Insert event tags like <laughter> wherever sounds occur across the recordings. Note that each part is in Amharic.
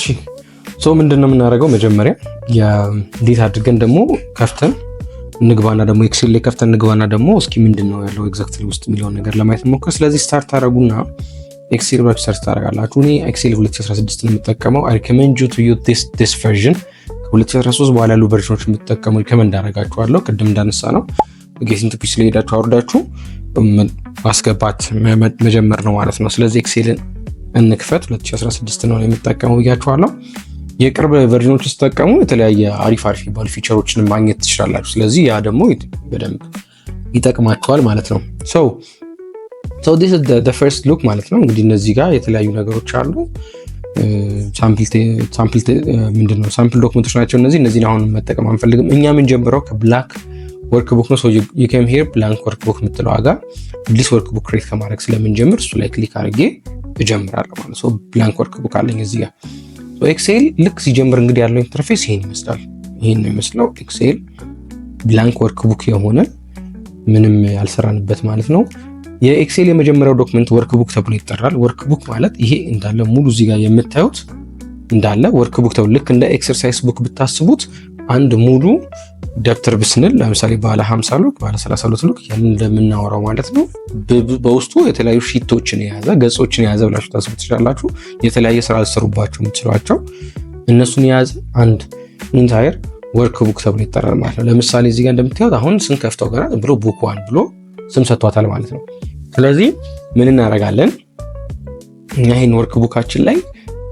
እሺ ሶ ምንድን ነው የምናደርገው? መጀመሪያ እንዴት አድርገን ደግሞ ከፍተን ንግባና ደግሞ ኤክሴል ላይ ከፍተን ንግባና ደግሞ እስኪ ምንድን ነው ያለው ኤግዛክትሊ ውስጥ የሚለውን ነገር ለማየት ሞክር። ስለዚህ ስታርት አደረጉና ኤክሴል ብላችሁ ሰርች ታደርጋላችሁ። እኔ ኤክሴል 2016 ነው የምጠቀመው። አይ ሪኮመንድ ዩ ቱ ዩ ዲስ ቨርዥን 2013 በኋላ ያሉ ቨርዥኖች የምትጠቀሙ ሪኮመንድ አደርጋችኋለሁ። ቅድም እንዳነሳ ነው ጌቲንግ ቱ ፒሲ ላይ ሄዳችሁ አውርዳችሁ ማስገባት መጀመር ነው ማለት ነው። ስለዚህ ኤክሴልን እንክፈት 2016 ነው የሚጠቀሙ ብያችኋለሁ። የቅርብ ቨርዥኖች ስትጠቀሙ የተለያየ አሪፍ አሪፍ የሚባሉ ፊቸሮችን ማግኘት ትችላላችሁ። ስለዚህ ያ ደግሞ በደንብ ይጠቅማችኋል ማለት ነው። ሰው ዲስ ፈርስት ሉክ ማለት ነው። እንግዲህ እነዚህ ጋር የተለያዩ ነገሮች አሉ። ምንድነው ሳምፕል ዶክመንቶች ናቸው እነዚህ። እነዚህን አሁን መጠቀም አንፈልግም። እኛ የምንጀምረው ከብላክ ወርክ ቡክ ነው። ዩም ሄር ብላንክ ወርክ ቡክ የምትለው ዋጋ አዲስ ወርክ ቡክ ክሬት ከማድረግ ስለምንጀምር እሱ ላይ ክሊክ አድርጌ እጀምራለሁ ማለት ነው። ብላንክ ወርክ ቡክ አለኝ እዚህ ጋር ኤክሴል ልክ ሲጀምር እንግዲህ ያለው ኢንተርፌስ ይሄን ይመስላል። ይሄን ነው የሚመስለው ኤክሴል ብላንክ ወርክ ቡክ የሆነ ምንም ያልሰራንበት ማለት ነው። የኤክሴል የመጀመሪያው ዶክመንት ወርክ ቡክ ተብሎ ይጠራል። ወርክ ቡክ ማለት ይሄ እንዳለ ሙሉ እዚህ ጋር የምታዩት እንዳለ ወርክ ቡክ ተብሎ ልክ እንደ ኤክሰርሳይስ ቡክ ብታስቡት አንድ ሙሉ ደብተር ብስንል ለምሳሌ ባለ 50 ሉክ ባለ 30 ሉክ ያን እንደምናወራው ማለት ነው። በውስጡ የተለያዩ ሺቶችን የያዘ ገጾችን የያዘ ብላችሁ ታስቡ ትችላላችሁ። የተለያየ ስራ ልሰሩባቸው የምትችሏቸው እነሱን የያዘ አንድ ኢንታየር ወርክ ቡክ ተብሎ ይጠራል ማለት ነው። ለምሳሌ እዚህ ጋር እንደምታዩት አሁን ስንከፍተው ገና ብሎ ቡክ ዋን ብሎ ስም ሰጥቷታል ማለት ነው። ስለዚህ ምን እናደርጋለን? ይህን ወርክ ቡካችን ላይ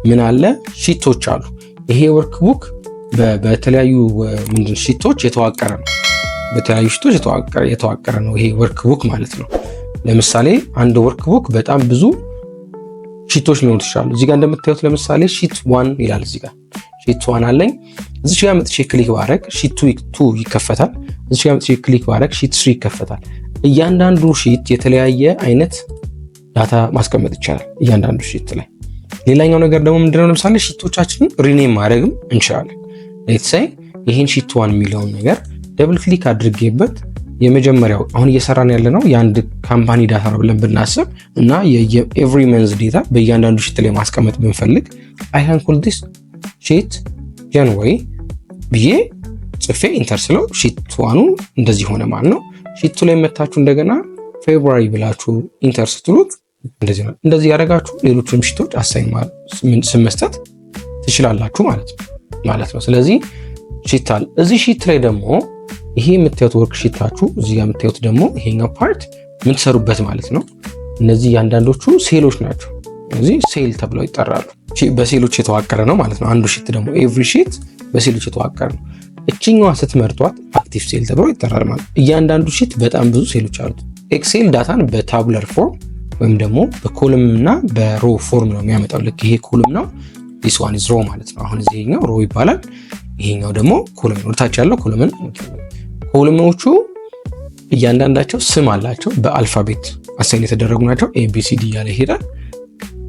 ምን አለ? ሺቶች አሉ። ይሄ ወርክ ቡክ በተለያዩ ሽቶች የተዋቀረ ነው። በተለያዩ ሽቶች የተዋቀረ ነው ይሄ ወርክ ቡክ ማለት ነው። ለምሳሌ አንድ ወርክ ቡክ በጣም ብዙ ሽቶች ሊኖሩ ይችላሉ። እዚጋ እንደምታዩት ለምሳሌ ሺት ዋን ይላል። እዚጋ ሺት ዋን አለኝ። እዚች ጋር መጥቼ ክሊክ ባረግ ሺት ቱ ይከፈታል። እዚች ጋር መጥቼ ክሊክ ባረግ ሺት ስሪ ይከፈታል። እያንዳንዱ ሺት የተለያየ አይነት ዳታ ማስቀመጥ ይቻላል። እያንዳንዱ ሺት ላይ ሌላኛው ነገር ደግሞ ምንድነው፣ ለምሳሌ ሽቶቻችንን ሪኔም ማድረግም እንችላለን። ሌትሳይ ይህን ሺት ዋን የሚለውን ነገር ደብል ክሊክ አድርጌበት የመጀመሪያው አሁን እየሰራን ያለ ነው የአንድ ካምፓኒ ዳታ ነው ብለን ብናስብ እና የኤቭሪ መንዝ ዴታ በእያንዳንዱ ሽት ላይ ማስቀመጥ ብንፈልግ አይካን ኮል ዲስ ሺት ብዬ ጽፌ ኢንተር ስለው ሺት ዋኑ እንደዚህ ሆነ ማለት ነው። ሺቱ ላይ መታችሁ እንደገና ፌብሩዋሪ ብላችሁ ኢንተር ስትሉት እንደዚህ ነው። እንደዚህ ያደረጋችሁ ሌሎቹም ሽቶች አሳይን ስመስጠት ትችላላችሁ ማለት ነው። ማለት ነው። ስለዚህ ሺታል እዚህ ሺት ላይ ደግሞ ይሄ የምታዩት ወርክ ሺታችሁ እዚህ ጋር የምታዩት ደግሞ ይሄኛው ፓርት የምትሰሩበት ማለት ነው። እነዚህ እያንዳንዶቹ ሴሎች ናቸው። እዚህ ሴል ተብለው ይጠራሉ። በሴሎች የተዋቀረ ነው ማለት ነው። አንዱ ሺት ደግሞ ኤቭሪ ሺት በሴሎች የተዋቀረ ነው። እችኛዋ ስትመርጧት አክቲቭ ሴል ተብሎ ይጠራል ማለት ነው። እያንዳንዱ ሺት በጣም ብዙ ሴሎች አሉት። ኤክሴል ዳታን በታብለር ፎርም ወይም ደግሞ በኮልም እና በሮ ፎርም ነው የሚያመጣው። ልክ ይሄ ኮልም ነው ዲስ ዋን ኢዝ ሮ ማለት ነው። አሁን ይሄኛው ሮ ይባላል። ይሄኛው ደግሞ ኮለምን ወደታች ያለው ኮለምን ኮለምኖቹ እያንዳንዳቸው ስም አላቸው። በአልፋቤት አሳይን የተደረጉ ናቸው። ዲ እያለ ይሄዳል።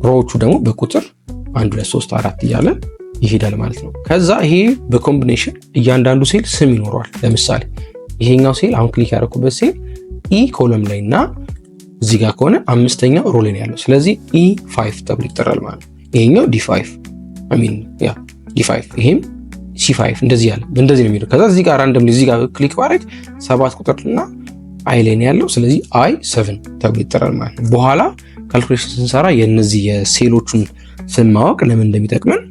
ሮዎቹ ደግሞ በቁጥር አንድ ሁለት ሶስት አራት እያለ ይሄዳል ማለት ነው። ከዛ ይሄ በኮምቢኔሽን እያንዳንዱ ሴል ስም ይኖረዋል። ለምሳሌ ይሄኛው ሴል አሁን ክሊክ ያደረኩበት ሴል ኢ e ኮለም ላይ እና እዚህ ጋር ከሆነ አምስተኛው ሮ ላይ ነው ያለው። ስለዚህ ኢ e ፋይቭ ተብሎ ይጠራል ማለት ነው። ይሄኛው ዲ ፋይቭ አሚን ያ ዲ5 ይሄም ሲ5 እንደዚህ ያለ እንደዚህ ነው የሚለው። ከዛ እዚህ ጋር ራንደምሊ እዚህ ጋር ክሊክ ባረግ ሰባት ቁጥርና አይ ላይ ነው ያለው። ስለዚህ አይ 7 ተብሎ ይጠራል ማለት ነው። በኋላ ካልኩሌሽን ስንሰራ የነዚህ የሴሎቹን ስም ማወቅ ለምን እንደሚጠቅመን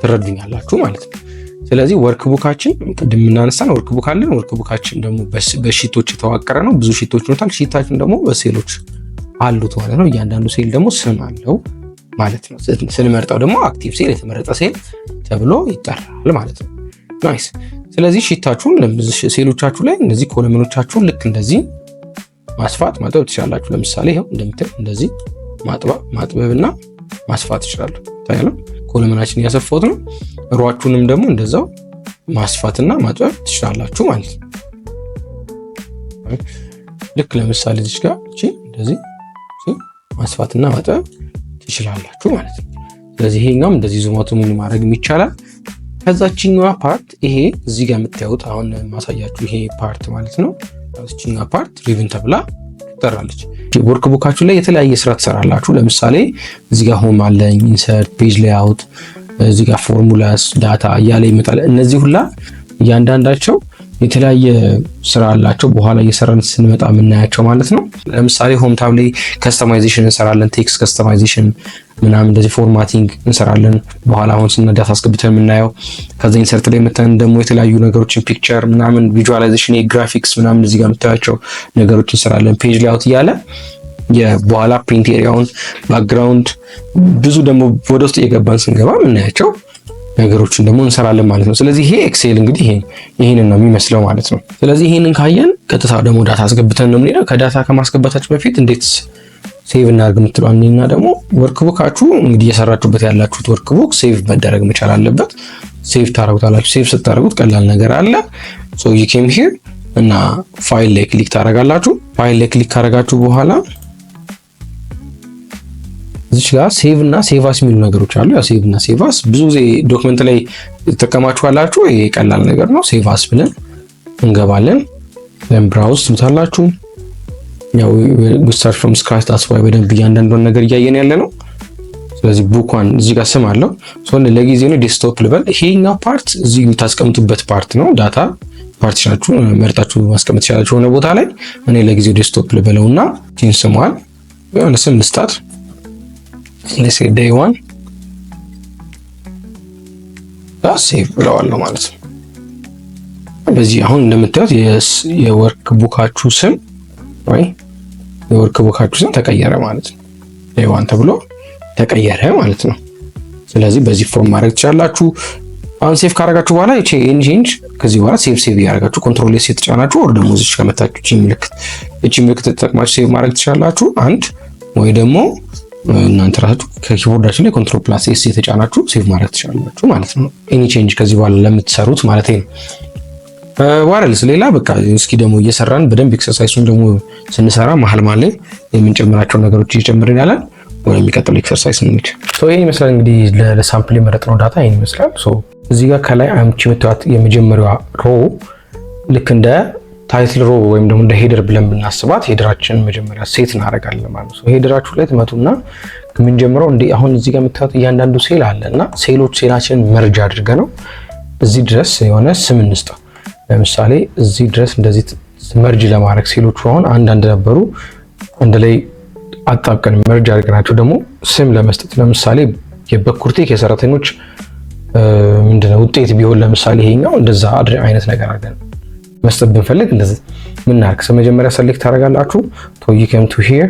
ትረዱኛላችሁ ማለት ነው። ስለዚህ ወርክቡካችን ቡካችን ቅድም እናነሳን ወርክቡክ ቡክ አለን። ወርክቡካችን ደግሞ በሺቶች የተዋቀረ ነው። ብዙ ሺቶች ይኖታል። ሺታችን ደግሞ በሴሎች አሉት ማለት ነው። እያንዳንዱ ሴል ደግሞ ስም አለው። ማለት ነው። ስንመርጠው ደግሞ አክቲቭ ሴል የተመረጠ ሴል ተብሎ ይጠራል ማለት ነው። ናይስ። ስለዚህ ሽታችሁን ሴሎቻችሁ ላይ እነዚህ ኮለመኖቻችሁን ልክ እንደዚህ ማስፋት ማጥበብ ትችላላችሁ። ለምሳሌ ይኸው እንደምትል እንደዚህ ማጥበብና ማስፋት ትችላሉ። ታያለ ኮለመናችን እያሰፋሁት ነው። ሯችሁንም ደግሞ እንደዛው ማስፋትና ማጥበብ ትችላላችሁ ማለት ነው። ልክ ለምሳሌ እዚች ጋር እንደዚህ ማስፋትና ማጥበብ ትችላላችሁ ማለት ነው። ስለዚህ ይሄኛውም እንደዚህ ምን ማድረግ ይቻላል። ከዛችኛዋ ፓርት ይሄ እዚህ ጋር የምታዩት አሁን ማሳያችሁ ይሄ ፓርት ማለት ነው። ችኛዋ ፓርት ሪብን ተብላ ትጠራለች። ወርክ ቡካችሁ ላይ የተለያየ ስራ ትሰራላችሁ። ለምሳሌ እዚህ ጋር ሆም አለኝ፣ ኢንሰርት፣ ፔጅ ላይአውት፣ እዚህ ጋር ፎርሙላስ፣ ዳታ እያለ ይመጣል። እነዚህ ሁላ እያንዳንዳቸው የተለያየ ስራ አላቸው። በኋላ እየሰራን ስንመጣ የምናያቸው ማለት ነው። ለምሳሌ ሆም ታብ ላይ ከስተማይዜሽን እንሰራለን። ቴክስት ከስተማይዜሽን ምናምን እንደዚህ ፎርማቲንግ እንሰራለን። በኋላ አሁን ስነዳት አስገብተን የምናየው ከዚ ኢንሰርት ላይ መተን ደግሞ የተለያዩ ነገሮችን ፒክቸር ምናምን ቪዥዋላይዜሽን፣ የግራፊክስ ምናምን እዚህ ጋር የምታያቸው ነገሮች እንሰራለን። ፔጅ ላይአውት እያለ የበኋላ ፕሪንት ኤሪያውን ባክግራውንድ ብዙ ደግሞ ወደ ውስጥ እየገባን ስንገባ የምናያቸው ነገሮችን ደግሞ እንሰራለን ማለት ነው። ስለዚህ ይሄ ኤክሴል እንግዲህ ይሄንን ነው የሚመስለው ማለት ነው። ስለዚህ ይሄንን ካየን ቀጥታ ደግሞ ዳታ አስገብተን ነው የምንሄደው። ከዳታ ከማስገባታችሁ በፊት እንዴት ሴቭ እናርግ የምትለው እና ደግሞ ወርክቡካችሁ እንግዲህ እየሰራችሁበት ያላችሁት ወርክቡክ ሴቭ መደረግ መቻል አለበት። ሴቭ ታደረጉታላችሁ። ሴቭ ስታደረጉት ቀላል ነገር አለ ሶ ዩ ኬም ሂር እና ፋይል ላይ ክሊክ ታደረጋላችሁ። ፋይል ላይ ክሊክ ካደረጋችሁ በኋላ እዚች ጋር ሴቭ እና ሴቫስ የሚሉ ነገሮች አሉ። ያው ሴቭ እና ሴቫስ ብዙ ጊዜ ዶክመንት ላይ ትጠቀማችኋላችሁ። ይሄ ቀላል ነገር ነው። ሴቫስ ብለን እንገባለን። ለን ብራውዝ ትምታላችሁ። ያው ስታርት ፍሮም ስክራች ታስፋ በደንብ እያንዳንዷን ነገር እያየን ያለ ነው። ስለዚህ ቡኳን እዚህ ጋር ስም አለው። ለጊዜ ነው ዴስክቶፕ ልበል። ይሄኛው ፓርት እዚህ የምታስቀምጡበት ፓርት ነው። ዳታ ፓርቲሽናችሁ መርጣችሁ ማስቀመጥ ይችላችሁ የሆነ ቦታ ላይ። እኔ ለጊዜው ዴስክቶፕ ልበለውና ቲን ስሟል የሆነ ስም ልስጣት let's say day 1 ሴቭ ብለዋለሁ ማለት ነው። በዚህ አሁን እንደምታዩት የወርክ ቡካችሁ ስም ወይ የወርክ ቡካችሁ ስም ተቀየረ ማለት ነው። ዴይ ዋን ተብሎ ተቀየረ ማለት ነው። ስለዚህ በዚህ ፎርም ማድረግ ትችላላችሁ። አሁን ሴቭ ካረጋችሁ በኋላ እቺ ኢንጂንጅ ከዚህ በኋላ ሴቭ ሴቭ ያረጋችሁ ኮንትሮል ኤስ የተጫናችሁ ወር ደግሞ እዚህ ከመታችሁ እቺ ምልክት ተጠቅማችሁ ሴቭ ማድረግ ትችላላችሁ። አንድ ወይ ደግሞ እናንተ ራሳችሁ ከኪቦርዳችን ላይ ኮንትሮል ፕላስ ኤስ የተጫናችሁ ሴቭ ማድረግ ትችላላችሁ ማለት ነው። ኤኒ ቼንጅ ከዚህ በኋላ ለምትሰሩት ማለት ነው። ዋረልስ ሌላ በቃ እስኪ ደግሞ እየሰራን በደንብ ኤክሰርሳይሱን ደግሞ ስንሰራ መሀል መሀል ላይ የምንጨምራቸው ነገሮች እየጨምርን ያለን ወደሚቀጥለው ኤክሰርሳይስ እንሂድ። ይህን ይመስላል እንግዲህ ለሳምፕል የመረጥነው ዳታ ይህን ይመስላል። እዚህ ጋር ከላይ አምቺ የምታዩት የመጀመሪያዋ ሮ ልክ እንደ ታይትል ሮ ወይም ደግሞ እንደ ሄደር ብለን ብናስባት ሄደራችን መጀመሪያ ሴት እናደርጋለን ማለት ነው። ሄደራችሁ ላይ ትመቱና የምንጀምረው እንደ አሁን እዚህ ጋር የምታዩት እያንዳንዱ ሴል አለ እና ሴሎች ሴላችንን መርጅ አድርገ ነው እዚህ ድረስ የሆነ ስም እንስጠው። ለምሳሌ እዚህ ድረስ እንደዚህ መርጅ ለማድረግ ሴሎቹ አሁን አንዳንድ ነበሩ አንድ ላይ አጣብቀን መርጅ አድርገናቸው ደግሞ ስም ለመስጠት ለምሳሌ የበኩርቴክ የሰራተኞች ምንድነው ውጤት ቢሆን ለምሳሌ ይሄኛው እንደዛ አይነት ነገር አድርገን መስጠት ብንፈልግ እንደዚህ ምናርግ መጀመሪያ ሰሌክት ታደርጋላችሁ ቶዩ ኬም ቱ ሂር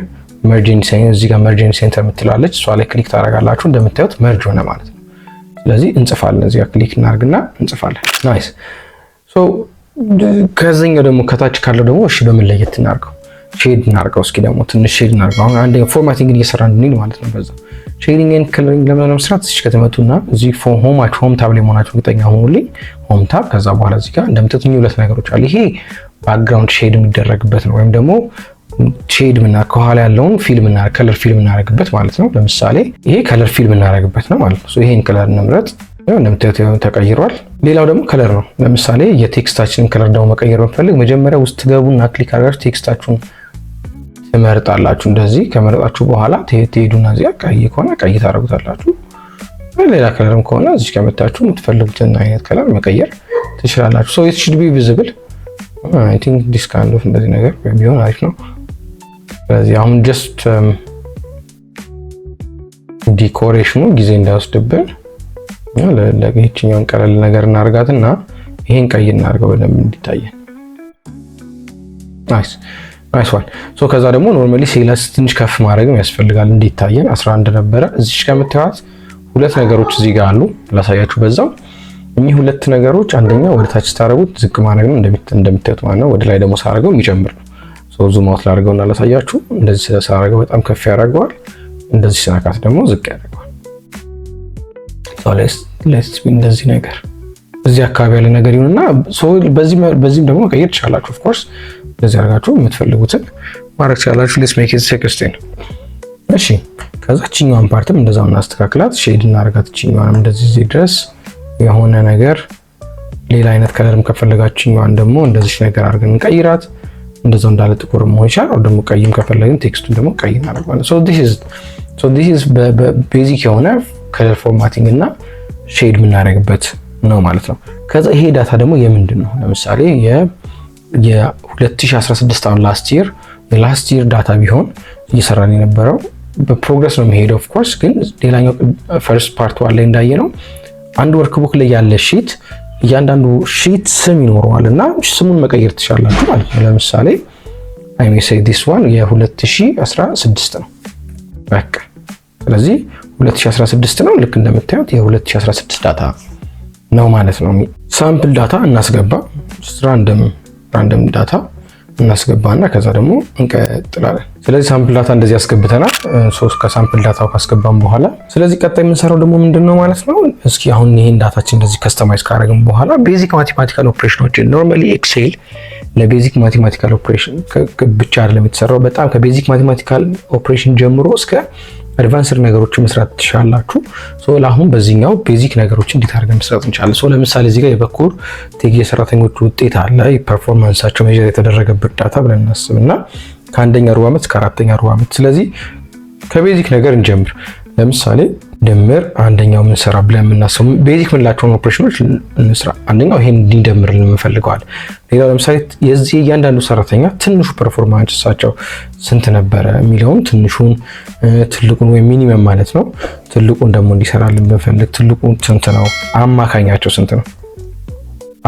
መርጂን ሴንተር እዚህ ጋር መርጂን ሴንተር የምትላለች እሷ ላይ ክሊክ ታደርጋላችሁ። እንደምታዩት መርጅ ሆነ ማለት ነው። ስለዚህ እንጽፋለን። እዚህ ጋር ክሊክ እናርግና እንጽፋለን። ናይስ ሶ ከዚህኛው ደግሞ ከታች ካለው ደግሞ እሺ በምን ለየት እናርገው? ሼድ እናርገው። እስኪ ደግሞ ትንሽ ሼድ እናርገው። አሁን አንደኛ ፎርማቲንግ እየሰራ እንድንል ማለት ነው በዛ ሼዲንግ ኤንድ ክለሪንግ ለመስራት እዚህ ከተመጡና እዚህ ፎም ሆም አች ሆም ታብ ላይ መሆናችሁ እርግጠኛ ሆኑልኝ። ሆም ታብ ከዛ በኋላ እዚህ ጋር እንደምትትኙ ሁለት ነገሮች አሉ። ይሄ ባክግራውንድ ሼድ የሚደረግበት ነው ወይም ደግሞ ሼድ ምና ከኋላ ያለውን ፊልም እና ከለር ፊልም እናደርግበት ማለት ነው። ለምሳሌ ይሄ ከለር ፊልም እናደርግበት ነው ማለት ነው። ይሄን ከለር እንምረጥ። እንደምታዩት ተቀይሯል። ሌላው ደግሞ ከለር ነው። ለምሳሌ የቴክስታችንን ከለር ደግሞ መቀየር ብንፈልግ መጀመሪያ ውስጥ ገቡና ክሊክ አድርጋችሁ ቴክስታችሁን እመርጣላችሁ። እንደዚህ ከመረጣችሁ በኋላ ትሄዱና እዚያ ቀይ ከሆነ ቀይ ታደርጉታላችሁ። ሌላ ከለርም ከሆነ እዚህ ከመታችሁ የምትፈልጉትን አይነት ከለር መቀየር ትችላላችሁ። ሰው ኢት ቢ ቪዚብል አይ ቲንክ ዲስ ካይንድ ኦፍ እንደዚህ ነገር ቢሆን አሪፍ ነው። ስለዚህ አሁን ጀስት ዲኮሬሽኑ um, ጊዜ እንዳይወስድብን ይችኛውን ቀለል ነገር እናርጋትና ይሄን ቀይ እናርገው በደንብ እንዲታየን። ናይስ አይሷል ሶ ከዛ ደግሞ ኖርማሊ ሴለስ ትንሽ ከፍ ማድረግም ያስፈልጋል። እንዲታየን 11 ነበረ። እዚች ጋር የምታዩት ሁለት ነገሮች እዚህ ጋር አሉ፣ ላሳያችሁ በዛው። እኚህ ሁለት ነገሮች አንደኛ ወደ ታች ስታደርጉት ዝቅ ማድረግ ነው እንደምታዩት ማለት ነው። ወደ ላይ ደግሞ ሳደርገው የሚጨምር ነው። ሶ ዙም አውት ላድርገው እና ላሳያችሁ። እንደዚህ ስለሳደርገው በጣም ከፍ ያደርገዋል። እንደዚህ ስነካት ደግሞ ዝቅ ያደርገዋል። ሶ ሌትስ ቢ እንደዚህ ነገር እዚህ አካባቢ ያለ ነገር ይሁንና በዚህም ደግሞ መቀየር ትችላላችሁ ኦፍ ኮርስ እንደዚህ አድርጋችሁ የምትፈልጉትን ማድረግ ትችላላችሁ። ሌስ ሜክ ኢት ሴክስቲን። እሺ ከዛ ፓርትም እንደዛው እናስተካክላት፣ ሼድ እናደርጋት። ችኛዋንም እንደዚህ እዚህ ድረስ የሆነ ነገር ሌላ አይነት ከለርም ከፈለጋችኛዋን ደግሞ እንደዚህ ነገር አድርገን እንቀይራት። እንደዛው እንዳለ ጥቁር መሆን ይቻል ወይ ደግሞ ቀይም ከፈለግን ቴክስቱን ደግሞ ቀይ እናደርጋለን። ሶ ዲስ ቤዚክ የሆነ ከለር ፎርማቲንግ እና ሼድ የምናደርግበት ነው ማለት ነው። ከዛ ይሄ ዳታ ደግሞ የምንድን ነው ለምሳሌ የ2016 አሁን ላስት ይር የላስት ይር ዳታ ቢሆን እየሰራን የነበረው በፕሮግረስ ነው የሚሄደው። ኦፍኮርስ ግን ሌላኛው ፈርስት ፓርት ዋን ላይ እንዳየ ነው አንድ ወርክ ቡክ ላይ ያለ ሺት እያንዳንዱ ሺት ስም ይኖረዋል እና ስሙን መቀየር ትችላላችሁ ማለት ነው። ለምሳሌ አይሜሴ ዲስ ዋን የ2016 ነው በቃ። ስለዚህ 2016 ነው ልክ እንደምታዩት የ2016 ዳታ ነው ማለት ነው። ሳምፕል ዳታ እናስገባ ራንደም ራንደም ዳታ እናስገባና ከዛ ደግሞ እንቀጥላለን። ስለዚህ ሳምፕል ዳታ እንደዚህ ያስገብተናል። ሶስት ከሳምፕል ዳታው ካስገባን በኋላ ስለዚህ ቀጣይ የምንሰራው ደግሞ ምንድን ነው ማለት ነው። እስኪ አሁን ይሄን ዳታችን እንደዚህ ከስተማይዝ ካደረግን በኋላ ቤዚክ ማቴማቲካል ኦፕሬሽኖችን ኖርማሊ ኤክሴል ለቤዚክ ማቴማቲካል ኦፕሬሽን ብቻ አይደለም የተሰራው። በጣም ከቤዚክ ማቴማቲካል ኦፕሬሽን ጀምሮ እስከ አድቫንስድ ነገሮች መስራት ትችላላችሁ። ለአሁን በዚህኛው ቤዚክ ነገሮች እንዴት አድርገን መስራት እንችላለን? ለምሳሌ እዚህ ጋር የበኩር ቴጊ የሰራተኞች ውጤት አለ። ፐርፎርማንሳቸው ሜዥር የተደረገበት ዳታ ብለን እናስብና ከአንደኛ ሩብ ዓመት እስከ አራተኛ ሩብ ዓመት። ስለዚህ ከቤዚክ ነገር እንጀምር። ለምሳሌ ድምር አንደኛው ምንሰራ ብለን የምናስቡ ቤዚክ ምንላቸውን ኦፕሬሽኖች እንስራ። አንደኛው ይሄን እንዲደምር ልንፈልገዋል። ሌላው ለምሳሌ የዚህ እያንዳንዱ ሰራተኛ ትንሹ ፐርፎርማንሳቸው ስንት ነበረ የሚለውን ትንሹን፣ ትልቁን ወይም ሚኒመም ማለት ነው። ትልቁን ደግሞ እንዲሰራልን ብንፈልግ ትልቁ ስንት ነው? አማካኛቸው ስንት ነው?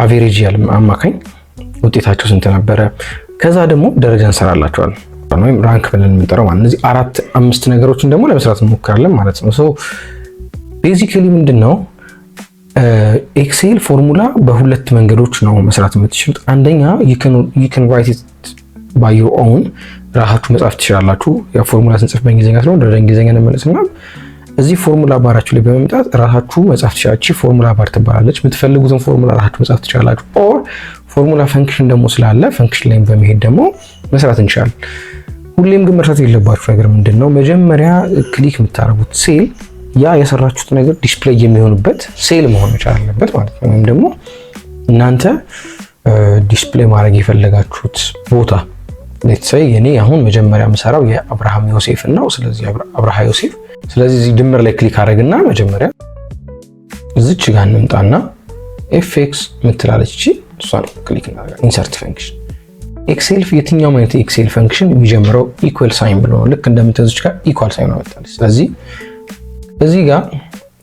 አቬሬጅ ያለ አማካኝ ውጤታቸው ስንት ነበረ? ከዛ ደግሞ ደረጃ እንሰራላቸዋለን። ወይም ራንክ ብለን የምንጠራው ማለት እነዚህ አራት አምስት ነገሮችን ደግሞ ለመስራት እንሞክራለን ማለት ነው። ሶ ቤዚካሊ ምንድን ነው ኤክሴል ፎርሙላ በሁለት መንገዶች ነው መስራት የምትችሉት። አንደኛ ዩን ራይት ባይ ዩር ኦውን ራሳችሁ መጻፍ ትችላላችሁ። ፎርሙላ ስንጽፍ በእንግሊዝኛ ስለሆነ ወደ እንግሊዝኛ እንመለስና እዚህ ፎርሙላ ባራችሁ ላይ በመምጣት ራሳችሁ መጻፍ ትችላላችሁ። ፎርሙላ ባር ትባላለች። የምትፈልጉትን ፎርሙላ ራሳችሁ መጻፍ ትችላላችሁ። ኦር ፎርሙላ ፈንክሽን ደግሞ ስላለ ፈንክሽን ላይ በመሄድ ደግሞ መስራት እንችላለን። ሁሌም ግን መርሳት የለባችሁ ነገር ምንድን ነው፣ መጀመሪያ ክሊክ የምታደርጉት ሴል ያ የሰራችሁት ነገር ዲስፕሌይ የሚሆንበት ሴል መሆን መቻል አለበት ማለት ነው። ወይም ደግሞ እናንተ ዲስፕሌይ ማድረግ የፈለጋችሁት ቦታ ሌትሳይ እኔ አሁን መጀመሪያ የምሰራው የአብርሃም ዮሴፍ ነው። ስለዚህ አብርሃ ዮሴፍ፣ ስለዚህ እዚህ ድምር ላይ ክሊክ አድረግና መጀመሪያ እዚች ጋር እንምጣና ኤፌክስ የምትላለች እቺ እሷን ክሊክ እናደርጋለን። ኢንሰርት ፈንክሽን ኤክሴልፍ የትኛውም አይነት ኤክሴል ፈንክሽን የሚጀምረው ኢኩዌል ሳይን ብሎ ነው። ልክ እንደምትዙች ጋር ኢኳል ሳይን ነው አመጣለች። ስለዚህ እዚህ ጋር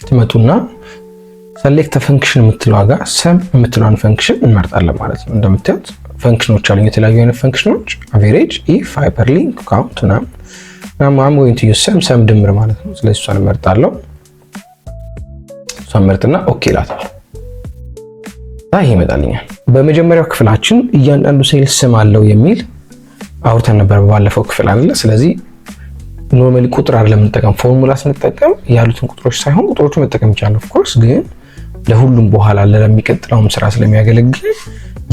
ትመጡና ሰሌክት ፈንክሽን የምትለዋ ጋር ሰም የምትለዋን ፈንክሽን እንመርጣለን ማለት ነው። እንደምታዩት ፈንክሽኖች አሉ፣ የተለያዩ አይነት ፈንክሽኖች አቬሬጅ፣ ኢፍ፣ ሃይፐርሊንክ፣ ካውንት ናም ናም ወይም ትዩ ሰም ሰም ድምር ማለት ነው። ስለዚህ እሷን እመርጣለሁ። እሷን መርጥና ኦኬ ላታል ይሄ ይመጣልኛል። በመጀመሪያው ክፍላችን እያንዳንዱ ሴልስ ስም አለው የሚል አውርተን ነበር ባለፈው ክፍል አለ። ስለዚህ ኖርማሊ ቁጥር አይደለም የምንጠቀም ፎርሙላ ስንጠቀም ያሉትን ቁጥሮች ሳይሆን ቁጥሮቹ መጠቀም ይቻላል። ኦፍኮርስ ግን ለሁሉም በኋላ ለሚቀጥለውም ስራ ስለሚያገለግል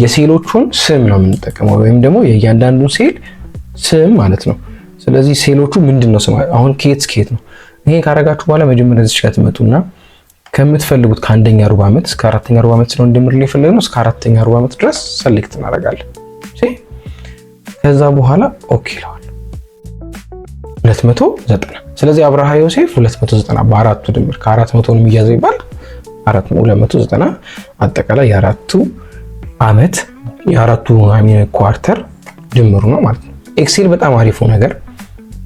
የሴሎቹን ስም ነው የምንጠቀመው፣ ወይም ደግሞ የእያንዳንዱን ሴል ስም ማለት ነው። ስለዚህ ሴሎቹ ምንድን ነው ስም አሁን ኬት ኬት ነው። ይሄን ካረጋችሁ በኋላ መጀመሪያ እዚህ ጋር ትመጡና ከምትፈልጉት ከአንደኛ ሩብ ዓመት እስከ አራተኛ ሩብ ዓመት ስለሆነ እንደምርል ነው። እስከ አራተኛ ሩብ ዓመት ድረስ ሰሌክት እናደርጋለን። ከዛ በኋላ ኦኬ ይለዋል 290። ስለዚህ አብርሃ ዮሴፍ 290 በአራቱ ድምር ከአራት መቶ ነው የሚያዘው ይባል 290 አጠቃላይ የአራቱ ዓመት የአራቱ ኳርተር ድምሩ ነው ማለት ነው። ኤክሴል በጣም አሪፉ ነገር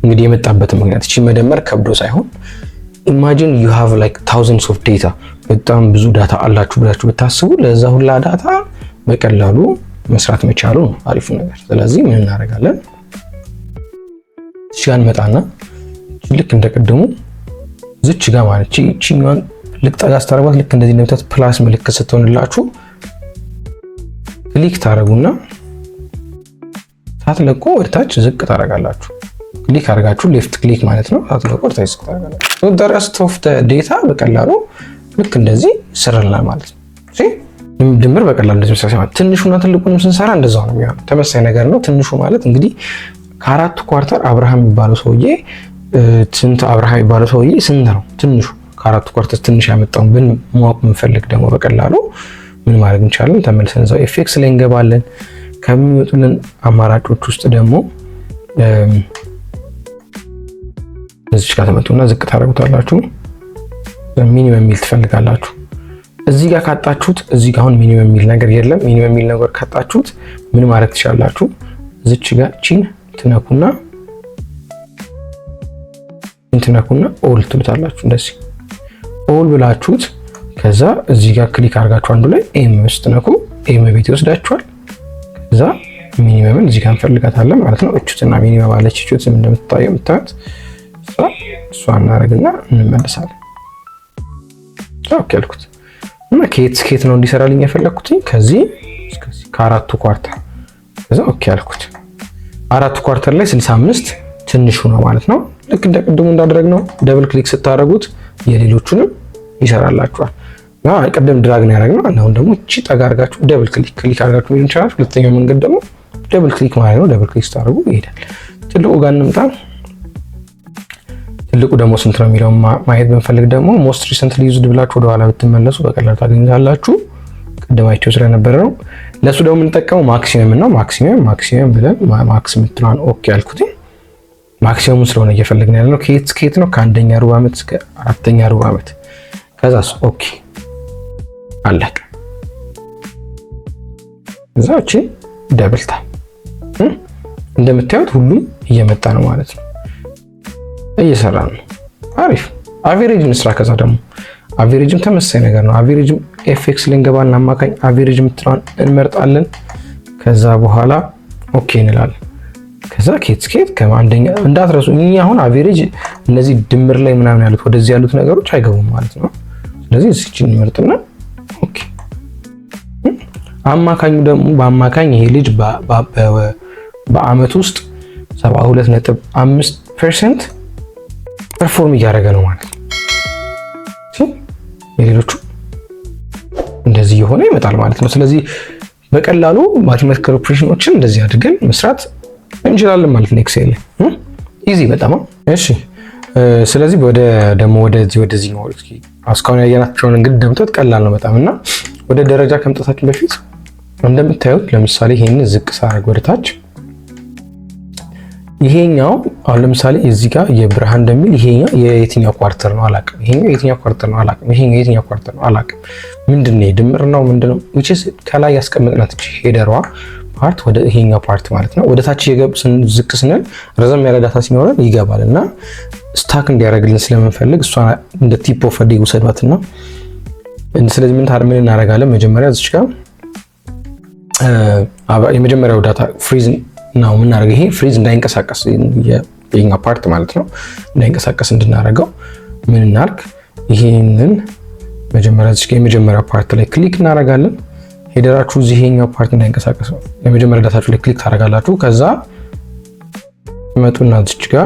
እንግዲህ የመጣበት ምክንያት እቺ መደመር ከብዶ ሳይሆን ኢማጂን ዩ ሃቭ ላይክ ታውዘንድስ ኦፍ ዴታ በጣም ብዙ ዳታ አላችሁ ብላችሁ ብታስቡ ለዛ ሁላ ዳታ በቀላሉ መስራት መቻሉ ነው አሪፉ ነገር። ስለዚህ ምን እናደርጋለን? እሺ አንመጣና ልክ እንደቀደሙ ዝች ጋር ማለት እቺ እቺኛዋን ልቅጠጋ ስታረጓት ልክ እንደዚህ እንደምታት ፕላስ ምልክት ስትሆንላችሁ ክሊክ ታረጉና ሳትለቁ ወደታች ዝቅ ታረጋላችሁ። ክሊክ አድርጋችሁ ሌፍት ክሊክ ማለት ነው አትለቆት ታይስኩ ረስት ኦፍ ዴታ በቀላሉ ልክ እንደዚህ ስርልናል ማለት ነው። ድምር በቀላሉ እንደዚህ መሳሰል ማለት ትንሹና ትልቁንም ስንሰራ እንደዛው ነው የሚሆነው። ተመሳሳይ ነገር ነው። ትንሹ ማለት እንግዲህ ከአራቱ ኳርተር አብርሃም የሚባለው ሰውዬ ስንት አብርሃም የሚባለው ሰውዬ ስንት ነው ትንሹ ከአራቱ ኳርተር ትንሽ ያመጣውን ብን ማወቅ ብንፈልግ ደግሞ በቀላሉ ምን ማድረግ እንችላለን? ተመልሰን እዛው ኤፌክስ ላይ እንገባለን። ከሚወጡልን አማራጮች ውስጥ ደግሞ እዚች ጋር ትመጡና ዝቅ ታደርጉታላችሁ። ሚኒመም የሚል ትፈልጋላችሁ። እዚህ ጋር ካጣችሁት እዚህ ጋር አሁን ሚኒመም የሚል ነገር የለም። ሚኒመም የሚል ነገር ካጣችሁት ምን ማድረግ ትችላላችሁ? እዚች ጋር ቺን ትነኩና ትነኩና ኦል ትሉታላችሁ። እንደዚህ ኦል ብላችሁት ከዛ እዚህ ጋር ክሊክ አድርጋችሁ አንዱ ላይ ኤም ስትነኩ ኤም ቤት ይወስዳችኋል። ከዛ ሚኒመምን እዚህ ጋር እንፈልጋታለን ማለት ነው። እችትና ሚኒመም አለች። እችት እንደምታየው የምታዩት እሷ እናደርግና እንመለሳለን። ኦኬ አልኩት እና ከየት እስከ ነው እንዲሰራልኝ የፈለግኩትኝ ከዚህ ከአራቱ ኳርተር ከዛ ኦኬ አልኩት። አራቱ ኳርተር ላይ 65 ትንሹ ነው ማለት ነው። ልክ እንደ ቅድሙ እንዳደረግ ነው። ደብል ክሊክ ስታደርጉት የሌሎቹንም ይሰራላችኋል። ቅድም ድራግ ነው ያደረግነው። አሁን ደግሞ እቺ ጠጋ አድርጋችሁ ደብል ክሊክ ክሊክ አድርጋችሁ መሄድ እንችላላችሁ። ሁለተኛው መንገድ ደግሞ ደብል ክሊክ ማለት ነው። ደብል ክሊክ ስታደርጉ ይሄዳል። ትልቁ ጋር እንምጣ። ትልቁ ደግሞ ስንት ነው የሚለውን ማየት ብንፈልግ ደግሞ ሞስት ሪሰንትሊ ዩዝድ ብላችሁ ወደኋላ ብትመለሱ በቀላሉ ታገኛላችሁ። ቅድማቸው ስለነበረ ነው። ለእሱ ደግሞ የምንጠቀመው ማክሲመም ነው። ማክሲመም ማክሲመም ብለን ማክስ የምትለዋን ኦኬ ያልኩት ማክሲመሙን ስለሆነ እየፈለግን ያለ ነው። ከየት ከየት ነው? ከአንደኛ ሩብ ዓመት እስከ አራተኛ ሩብ ዓመት። ከዛስ ኦኬ አለቀ። እዛ ደብልታ እንደምታዩት ሁሉም እየመጣ ነው ማለት ነው። እየሰራ ነው። አሪፍ አቬሬጅ ስራ። ከዛ ደግሞ አቬሬጅም ተመሳሳይ ነገር ነው። አቬሬጅም ልንገባ ልንገባና አማካኝ አቬሬጅ የምትለዋን እንመርጣለን። ከዛ በኋላ ኦኬ እንላለን። ከዛ ኬት ከአንደኛ እንዳትረሱ። እኛ አሁን አቬሬጅ እነዚህ ድምር ላይ ምናምን ያሉት ወደዚህ ያሉት ነገሮች አይገቡም ማለት ነው። ስለዚህ እዚችን እንመርጥና ኦኬ አማካኙ ደግሞ በአማካኝ ይሄ ልጅ በአመት ውስጥ 72.5 ፐርሰንት ፐርፎርም እያደረገ ነው ማለት ነው። የሌሎቹ እንደዚህ የሆነ ይመጣል ማለት ነው። ስለዚህ በቀላሉ ማቴማቲካል ኦፕሬሽኖችን እንደዚህ አድርገን መስራት እንችላለን ማለት ነው። ኤክሴል ኢዚ በጣም እሺ። ስለዚህ ወደ ደግሞ ወደዚህ ወደዚህ ነው እስኪ እስካሁን ያየናቸውን እንግዲህ ደምቶት ቀላል ነው በጣም እና ወደ ደረጃ ከመምጣታችን በፊት እንደምታዩት ለምሳሌ ይሄንን ዝቅ ሳደርግ ወደ ይሄኛው አሁን ለምሳሌ እዚህ ጋር የብርሃን እንደሚል ይሄኛው የየትኛው ኳርተር ነው አላውቅም። ይሄኛው የትኛው ኳርተር ነው አላውቅም። ይሄኛው የትኛው ኳርተር ነው አላውቅም። ምንድን ነው ድምር ነው ምንድን ነው? which is ከላይ ያስቀመጥናት ሄደሯ ፓርት ወደ ይሄኛው ፓርት ማለት ነው። ወደ ታች ዝቅ ስንል ረዘም ያለ ዳታ ሲኖረን ይገባል እና ስታክ እንዲያደርግልን ስለምንፈልግ እሷ እንደ ቲፕ ኦፍ ዲ ውሰዷትና ስለዚህ ምን ታድምን እናደርጋለን መጀመሪያ እዚች ጋር የመጀመሪያው ዳታ ፍሪዝን ነው የምናደርገው። ይሄ ፍሪዝ እንዳይንቀሳቀስ የኛ ፓርት ማለት ነው እንዳይንቀሳቀስ እንድናደርገው ምን እናርግ? ይህንን መጀመሪያ የመጀመሪያ ፓርት ላይ ክሊክ እናደርጋለን። ሄደራችሁ እዚህ ይሄኛው ፓርት እንዳይንቀሳቀስ ነው የመጀመሪያ ዳታችሁ ላይ ክሊክ ታደርጋላችሁ። ከዛ መጡና ዚች ጋ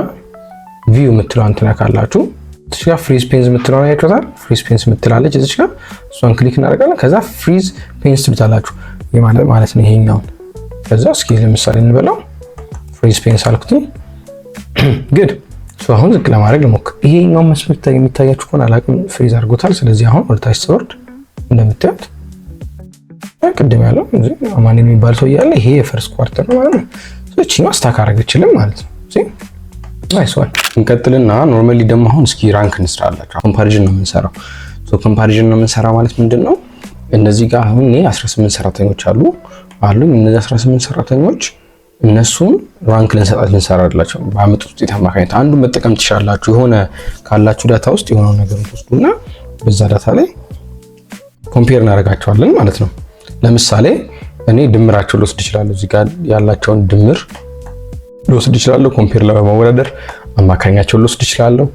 ቪው የምትለዋን ትነካላችሁ። እዚች ጋ ፍሪዝ ፔንስ የምትለዋን ያቸታል። ፍሪዝ ፔንስ የምትላለች ዚች ጋ እሷን ክሊክ እናደርጋለን። ከዛ ፍሪዝ ፔንስ ትብታላችሁ ማለት ነው ይሄኛውን ከዛ እስኪ ለምሳሌ እንበለው ፍሪ ስፔስ አልኩትኝ። ግድ ሶ አሁን ዝቅ ለማድረግ ልሞክር። ይሄኛው መስመር የሚታያችሁ ከሆነ አላቅም፣ ፍሪዝ አድርጎታል። ስለዚህ አሁን ወደታች ስወርድ እንደምታዩት ቅድም ያለው አማን የሚባል ሰው እያለ ይሄ የፈርስት ኳርተር ነው ማለት ነው። ይችኛው ስታክ አረግ ይችልም ማለት ነው። ናይስዋል እንቀጥልና ኖርማሊ ደግሞ አሁን እስኪ ራንክ እንስራላቸው። ኮምፓሪዥን ነው የምንሰራው። ኮምፓሪዥን ነው የምንሰራ ማለት ምንድን ነው? እነዚህ ጋር አሁን እኔ 18 ሰራተኞች አሉ አሉኝ። እነዚህ 18 ሰራተኞች እነሱን ራንክ ልንሰጣት ልንሰራላቸው በአመጡት ውጤት አማካኝነት አንዱ መጠቀም ትችላላችሁ። የሆነ ካላችሁ ዳታ ውስጥ የሆነ ነገር ትወስዱና በዛ ዳታ ላይ ኮምፔር እናደርጋቸዋለን ማለት ነው። ለምሳሌ እኔ ድምራቸው ልወስድ እችላለሁ። እዚህ ጋር ያላቸውን ድምር ልወስድ እችላለሁ። ኮምፔር ለመወዳደር አማካኛቸውን ልወስድ እችላለሁ።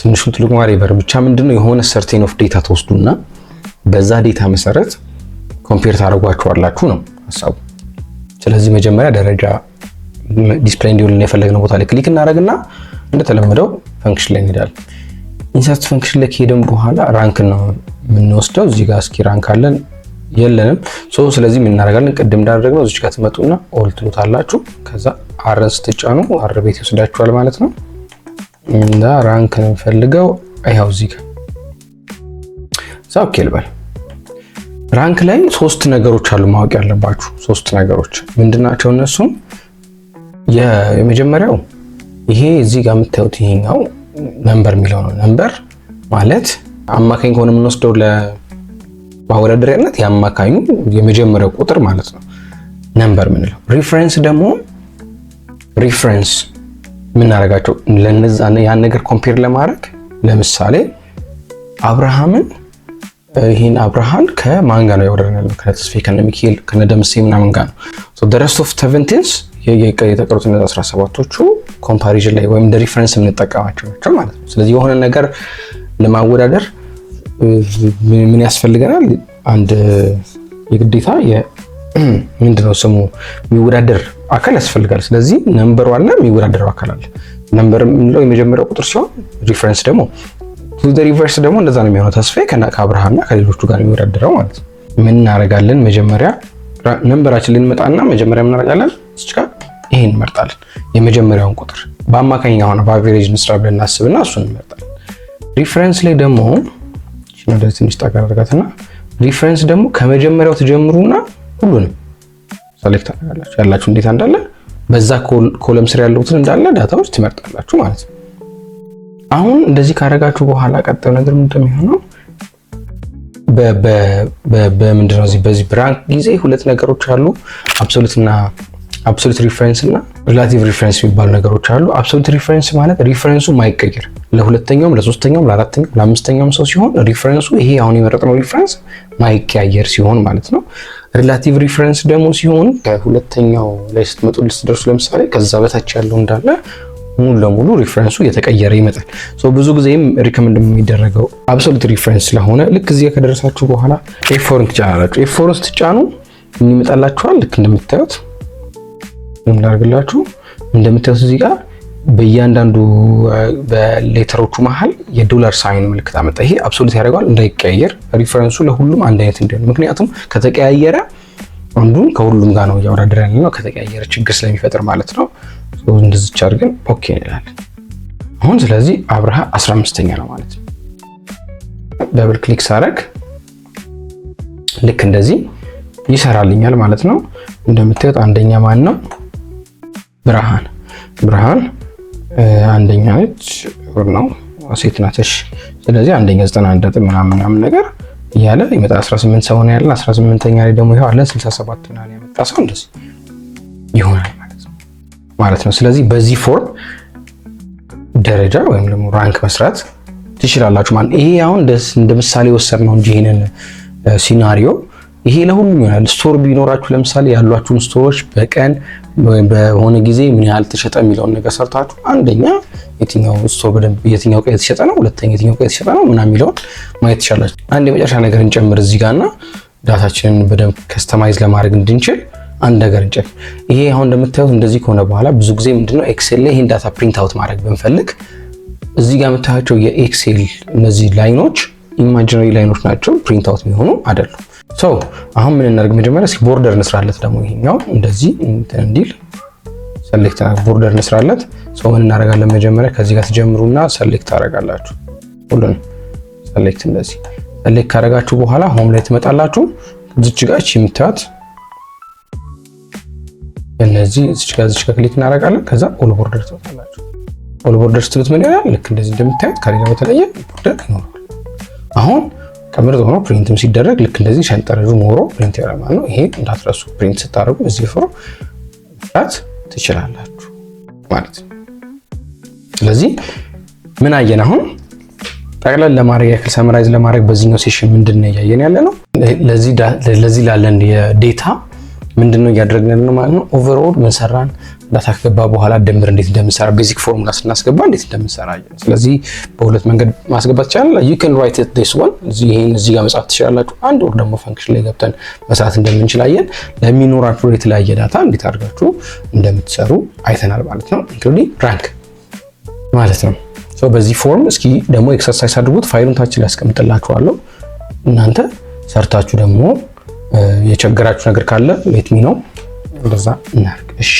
ትንሹን ትልቁማ ሪቨር ብቻ ምንድነው የሆነ ሰርቴን ኦፍ ዴታ ተወስዱና በዛ ዴታ መሰረት ኮምፔር ታደርጓቸዋላችሁ ነው። ሀሳቡ። ስለዚህ መጀመሪያ ደረጃ ዲስፕሌይ እንዲሆንልን የፈለግነው ቦታ ላይ ክሊክ እናደርግና እንደተለመደው ፈንክሽን ላይ እንሄዳለን። ኢንሰርት ፈንክሽን ላይ ከሄደን በኋላ ራንክ ነው የምንወስደው። እዚህ ጋር እስኪ ራንክ አለን የለንም። ስለዚህ ምን የምናደርጋለን ቅድም እንዳደረግነው እዚች ጋር ትመጡና ኦል ትሉታላችሁ። ከዛ አርን ስትጫኑ አር ቤት ይወስዳችኋል ማለት ነው። እና ራንክ ነው የሚፈልገው ይኸው እዚህ ጋር ዛ ኦኬ ልበል ራንክ ላይ ሶስት ነገሮች አሉ ማወቅ ያለባችሁ ሶስት ነገሮች ምንድናቸው? እነሱም የመጀመሪያው ይሄ እዚህ ጋር የምታዩት ይሄኛው መንበር የሚለው ነው። ነንበር ማለት አማካኝ ከሆነ የምንወስደው ለማወዳደሪያነት የአማካኙ የመጀመሪያው ቁጥር ማለት ነው ነንበር ምንለው። ሪፍረንስ ደግሞ ሪፍረንስ የምናደርጋቸው ያን ነገር ኮምፔር ለማድረግ ለምሳሌ አብርሃምን ይህን አብርሃን ከማን ጋር ነው ከነ ሚካኤል ከነ ደምሴ ምናምን ጋር ነው ደረስት ኦፍ ሰቨንቲንስ የተቀሩት እነዚ 17ቶቹ ኮምፓሪዥን ላይ ወይም ሪፈረንስ የምንጠቀማቸው ናቸው ማለት ነው። ስለዚህ የሆነ ነገር ለማወዳደር ምን ያስፈልገናል? አንድ የግዴታ <clears throat> ምንድነው ስሙ የሚወዳደር አካል ያስፈልጋል። ስለዚህ ነንበሩ አለ፣ የሚወዳደረው አካል አለ። ነንበር የምንለው የመጀመሪያው ቁጥር ሲሆን ሪፈረንስ ደግሞ ሪቨርስ ደግሞ እንደዛ ነው የሚሆነው። ተስፋዬ ከአብርሃምና ከሌሎቹ ጋር የሚወዳደረው ማለት ነው። ምን እናደርጋለን? መጀመሪያ ነንበራችን ልንመጣና መጀመሪያ እዚች ጋር ይሄን እንመርጣለን። የመጀመሪያውን ቁጥር በአማካኝ ሆነ በአቬሬጅ እንስራ ብለን እናስብና እሱን እንመርጣለን። ሪፍረንስ ላይ ደግሞ ወደ ትንሽ ጣጋ አድርጋትና ሪፍረንስ ደግሞ ከመጀመሪያው ትጀምሩና ሁሉንም ሰሌክት አደርጋላችሁ ያላችሁ እንዴታ እንዳለ በዛ ኮለም ስር ያለሁትን እንዳለ ዳታዎች ትመርጣላችሁ ማለት ነው። አሁን እንደዚህ ካደረጋችሁ በኋላ ቀጣዩ ነገር ምንድን ነው የሚሆነው? በምንድን ነው በዚህ ብራንክ ጊዜ ሁለት ነገሮች አሉ። አብሶሉት እና አብሶሉት ሪፈረንስ እና ሪላቲቭ ሪፈረንስ የሚባሉ ነገሮች አሉ። አብሶሉት ሪፈረንስ ማለት ሪፈረንሱ ማይቀየር ለሁለተኛውም፣ ለሶስተኛውም፣ ለአራተኛውም ለአምስተኛውም ሰው ሲሆን ሪፈረንሱ ይሄ አሁን የመረጥነው ሪፈረንስ ማይቀያየር ሲሆን ማለት ነው። ሪላቲቭ ሪፈረንስ ደግሞ ሲሆን ከሁለተኛው ላይ ስትመጡ ልትደርሱ ለምሳሌ ከዛ በታች ያለው እንዳለ ሙሉ ለሙሉ ሪፍረንሱ እየተቀየረ ይመጣል። ብዙ ጊዜም ሪከመንድ የሚደረገው አብሶሉት ሪፍረንስ ስለሆነ ልክ እዚህ ከደረሳችሁ በኋላ ኤፎርን ትጫናላችሁ። ኤፎርን ስትጫኑ ምን ይመጣላችኋል። ልክ እንደምታዩት እንዳርግላችሁ እንደምታዩት እዚህ ጋር በእያንዳንዱ በሌተሮቹ መሀል የዶላር ሳይን ምልክት አመጣ። ይሄ አብሶሉት ያደርገዋል እንዳይቀያየር፣ ሪፈረንሱ ለሁሉም አንድ አይነት እንዲሆን። ምክንያቱም ከተቀያየረ አንዱን ከሁሉም ጋር ነው እያወዳደረ ያለ ነው፣ ከተቀያየረ ችግር ስለሚፈጥር ማለት ነው። እንደዚች አድርገን ኦኬ እንላለን። አሁን ስለዚህ አብርሃ 15ኛ ነው ማለት ነው። ደብል ክሊክ ሳረግ ልክ እንደዚህ ይሰራልኛል ማለት ነው። እንደምታዩት አንደኛ ማን ነው? ብርሃን ብርሃን አንደኛ ነች ነው ሴት ናትሽ። ስለዚህ አንደኛ 91 ነጥብ ምናምን ምናምን ነገር እያለ 18 ሰው ነው ያለን። 18ኛ ላይ ደግሞ ይኸው አለን 67 ምናምን ያመጣ ሰው እንደዚህ ይሆናል። ማለት ነው። ስለዚህ በዚህ ፎርም ደረጃ ወይም ደግሞ ራንክ መስራት ትችላላችሁ ማለት ነው። ይሄ አሁን እንደ ምሳሌ ወሰድ ነው እንጂ ይህንን ሲናሪዮ ይሄ ለሁሉም ይሆናል። ስቶር ቢኖራችሁ ለምሳሌ ያሏችሁን ስቶሮች በቀን ወይም በሆነ ጊዜ ምን ያህል ተሸጠ የሚለውን ነገር ሰርታችሁ አንደኛ የትኛው ስቶር በደንብ የትኛው ቀን የተሸጠ ነው፣ ሁለተኛ የትኛው ቀን የተሸጠ ነው ምናምን የሚለውን ማየት ትችላላችሁ። አንድ የመጨረሻ ነገር እንጨምር እዚህ ጋርና ዳታችንን በደንብ ከስተማይዝ ለማድረግ እንድንችል አንድ ነገር እንጨፍ። ይሄ አሁን እንደምታዩት እንደዚህ ከሆነ በኋላ ብዙ ጊዜ ምንድነው ኤክሴል ላይ ይሄን ዳታ ፕሪንት አውት ማድረግ ብንፈልግ እዚህ ጋር የምታያቸው የኤክሴል እነዚህ ላይኖች ኢማጂነሪ ላይኖች ናቸው፣ ፕሪንት አውት የሚሆኑ አይደሉም። ሶ አሁን ምን እናደርግ? መጀመሪያ እስኪ ቦርደር እንስራለት። ደግሞ ይሄኛው እንደዚህ እንዲል ሰሌክት ቦርደር እንስራለት። ሰው ምን እናደርጋለን? መጀመሪያ ከዚህ ጋር ትጀምሩና ሰሌክት ታደርጋላችሁ። ሁሉን ሰሌክት እንደዚህ ሰሌክት ካደረጋችሁ በኋላ ሆም ላይ ትመጣላችሁ። ዝች ጋር የምታዩት እነዚህ እዚች ጋር እዚች ጋር ክሊክ እናደርጋለን። ከዛ ኦል ቦርደር ትመጣላችሁ። ኦል ቦርደር ስትሉት ምን ይሆናል? ልክ እንደዚህ እንደምታዩት ከሌላ በተለየ ቦርደር ይኖረዋል። አሁን ከምርጥ ሆኖ ፕሪንትም ሲደረግ ልክ እንደዚህ ሰንጠረዡ ኖሮ ፕሪንት ያረማ ነው። ይሄ እንዳትረሱ፣ ፕሪንት ስታደርጉ እዚህ ፍሮ መስራት ትችላላችሁ ማለት ነው። ስለዚህ ምን አየን አሁን ጠቅላላ ለማድረግ ያክል ሰመራይዝ ለማድረግ በዚህኛው ሴሽን ምንድን ነው እያየን ያለ ነው? ለዚህ ላለን የዴታ ምንድን ነው እያደረግን ነው ማለት ነው። ኦቨርኦል ምን ሰራን፣ ዳታ ከገባ በኋላ ድምር እንዴት እንደምንሰራ ቤዚክ ፎርሙላ ስናስገባ እንዴት እንደምንሰራ። ስለዚህ በሁለት መንገድ ማስገባት ይቻላል። ዩ ካን ራይት ኢት ዲስ ዋን ይሄን እዚህ ጋር መጻፍ ትችላላችሁ። አንድ ወር ደግሞ ፈንክሽን ላይ ገብተን መስራት እንደምንችላየን ለሚኖራችሁ የተለያየ ዳታ እንዴት አድርጋችሁ እንደምትሰሩ አይተናል ማለት ነው። ኢንክሉዲንግ ራንክ ማለት ነው። በዚህ ፎርም እስኪ ደግሞ ኤክሰርሳይዝ አድርጉት። ፋይሉን ታችን ላስቀምጥላችኋለሁ እናንተ ሰርታችሁ ደግሞ የቸገራችሁ ነገር ካለ ሌትሚ ነው እንደዛ እናርግ። እሺ